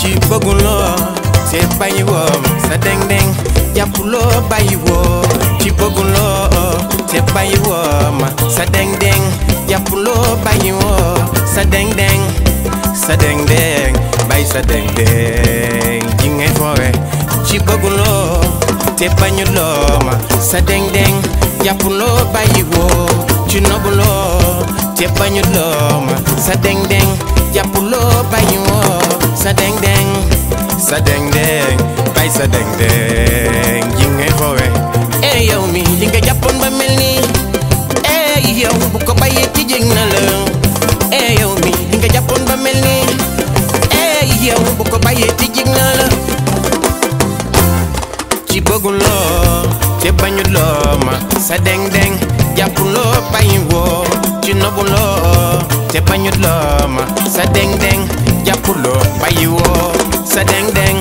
Chipogulo te bàyyiwoo sa deng-deng jàppuloo bàyyiwoo ci bëgguloo te bàyyiwoo ma sa deng-deng jàppuloo bàyyiwoo sa deng-deng sa deng-deng bàyyi sa deng-deng ji ngay foowe ci bëgguloo te bañuloo ma sa deng-deng jàppuloo bàyyiwoo ci nobuloo te bañuloo ma sa deng-deng jàppuloo bàyyiwoo sa deng-deng sa deng deng bay sa deng deng yi ngay fowe eh yow mi li nga jàppoon ba mel nii eh yow bu eh, mi li nga ba mel nii eh yow bu ko bàyyee ci jëng na la ci bëggul loo te bañul loo ma sa deng deng jàppuloo bàyyi woo ci nobuloo te bañul loo ma sa deng deng jàppuloo bàyyi woo sa deng deng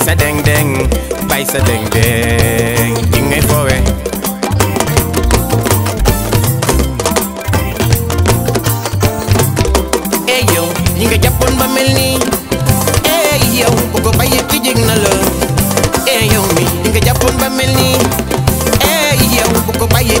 sa deng deng bay sa deng deng tiếng ngay phố về yo, những cái Japan ba mel ni Hey yo, cô bay yêu cái ding na lo Hey yo, những cái Japan ba mel ni Hey yo, cô bay yêu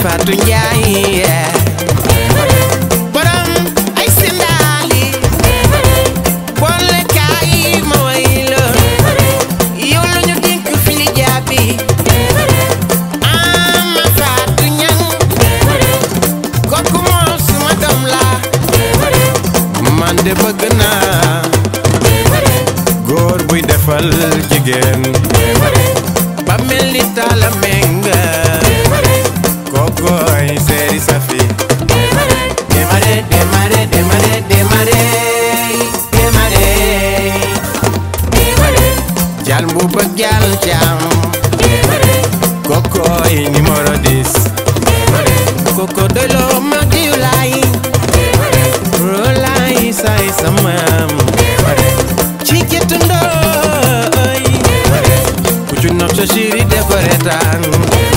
Fatou Ndiaye borom ay sindaali boole kaay ma way la yow ñu dénk fi li jaabi ama Fatou Ñang kooku moom suma doom la man de bëgg naa góor buy defal jigéen ba mel ni taala menga ministère yi ça fait. koko yi numéro 10. démarrer koko dolo ma diw laay. démarrer rolaay saay samaam. démarrer ci gétt ndooy. démarrer ku ci nopp sa chéri de ko